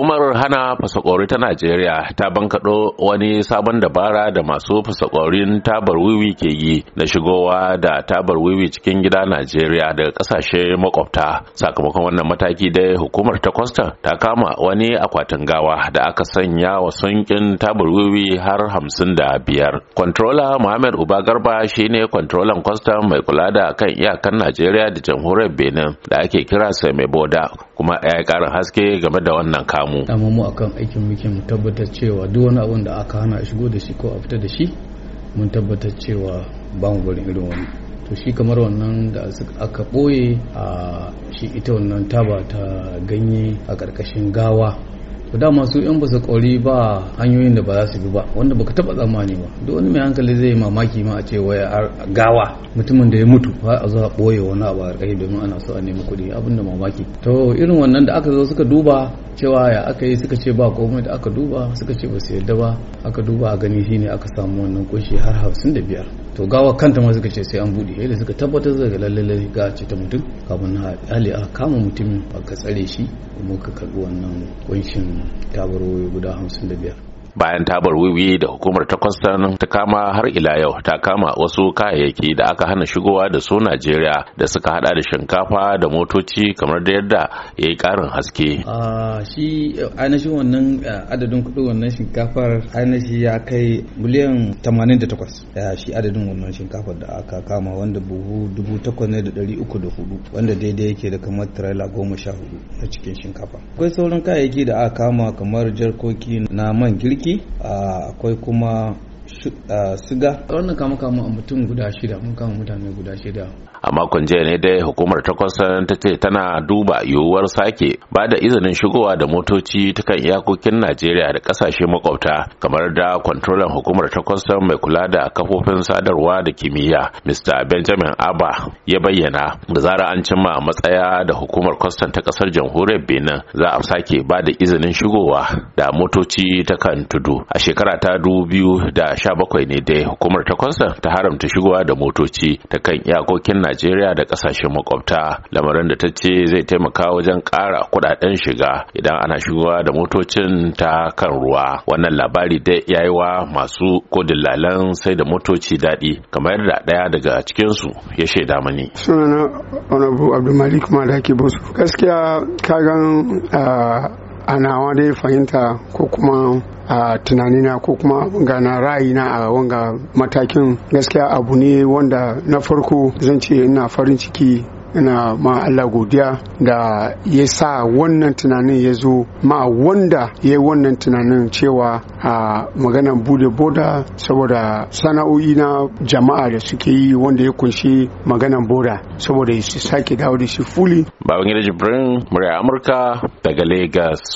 Hukumar hana fasakori ta Najeriya ta bankaɗo wani sabon dabara da masu fasakwarin tabar wiwi ke yi na shigowa da tabar wiwi cikin gida Najeriya daga ƙasashe makwabta. Sakamakon wannan mataki dai hukumar ta Kwastam ta kama wani akwatin gawa da aka sanya wa sunkin tabar wiwi har hamsin da biyar. Kwantrola Muhammad Uba Garba shi ne kwantrolan Kwastam mai kula da kan iyakan Najeriya da jamhuriyar Benin da ake kira mai Boda kuma ya ƙarin haske game da wannan kamu. mu dama mu akan aikin muke mu tabbatar cewa duk wani abun da aka hana shigo da shi ko a fita da shi mun tabbatar cewa ba mu barin irin wani to shi kamar wannan da aka ɓoye a shi ita wannan taba ta ganye a ƙarƙashin gawa ku dama su in ba su kori ba hanyoyin da ba za su bi ba wanda baka taba tsammani ba duk wani mai hankali zai mamaki ma a ce waya gawa mutumin da ya mutu har a zo a boye wani abu a kai domin ana so a nemi kuɗi abinda mamaki to irin wannan da aka zo suka duba cewa ya aka yi suka ce ba komai da aka duba suka ce ba su yadda ba aka duba a gani shine aka samu wannan kunshi har hamsin da biyar to gawa kanta ma suka ce sai an bude yadda suka tabbatar da lalle ga ce ta mutum kafin na hali a kama mutumin ka tsare shi kuma ka karɓi wannan kunshin tabarwoyi guda hamsin da biyar bayan ta bar wiwi da hukumar ta kwastan ta kama har ila yau ta kama wasu kayayyaki da aka hana shigowa da su najeriya da suka hada da shinkafa da motoci kamar da yadda ya yi karin haske shi ainihin wannan adadin kudin wannan shinkafar ainihin ya kai miliyan 88 shi adadin wannan shinkafar da aka kama wanda buhu 8,304 wanda daidai yake da kamar tirela goma sha hudu na cikin shinkafa akwai sauran kayayyaki da aka kama kamar jarkoki na man girki mulki akwai kuma siga wannan kama kama a mutum guda shida mun kama mutane guda shida a makon jiya ne dai hukumar ta kwasan ta ce tana duba yiwuwar sake ba da izinin shigowa da motoci ta kan iyakokin najeriya da kasashe makwabta kamar da kwantrolan hukumar ta kwasan mai kula da kafofin sadarwa da kimiyya mr benjamin abba ya bayyana da zara an cimma matsaya da hukumar kwastan ta kasar jamhuriyar benin za a sake ba da izinin shigowa da motoci ta kan tudu a shekara ta dubu biyu da sha 17 bakwai ne dai hukumar ta kwansa ta haramta shigowa da motoci ta kan iyakokin najeriya da kasashen makwabta lamarin da ta ce zai taimaka wajen ƙara kuɗaɗen shiga idan ana shigowa da motocin ta kan ruwa wannan labari dai ya yi wa masu kodin lalan sai da motoci daɗi kamar yadda ɗaya daga cikinsu ya shaida mani. sunana honorable abdulmalik Malaki bosu gaskiya ka kagan ah, a nawa dai fahimta ko kuma a tunanina ko kuma gana ra'ayina a wanga matakin gaskiya abu ne wanda na farko zan ce ina farin ciki ina ma Allah godiya da ya sa wannan tunanin ya zo ma wanda ya yi wannan tunanin cewa a maganan bude boda saboda sana'o'i na jama'a da suke yi wanda ya kunshi maganan boda saboda su sake dawo da shi fuli. Babangida Jibrin, murya Amurka daga Lagos.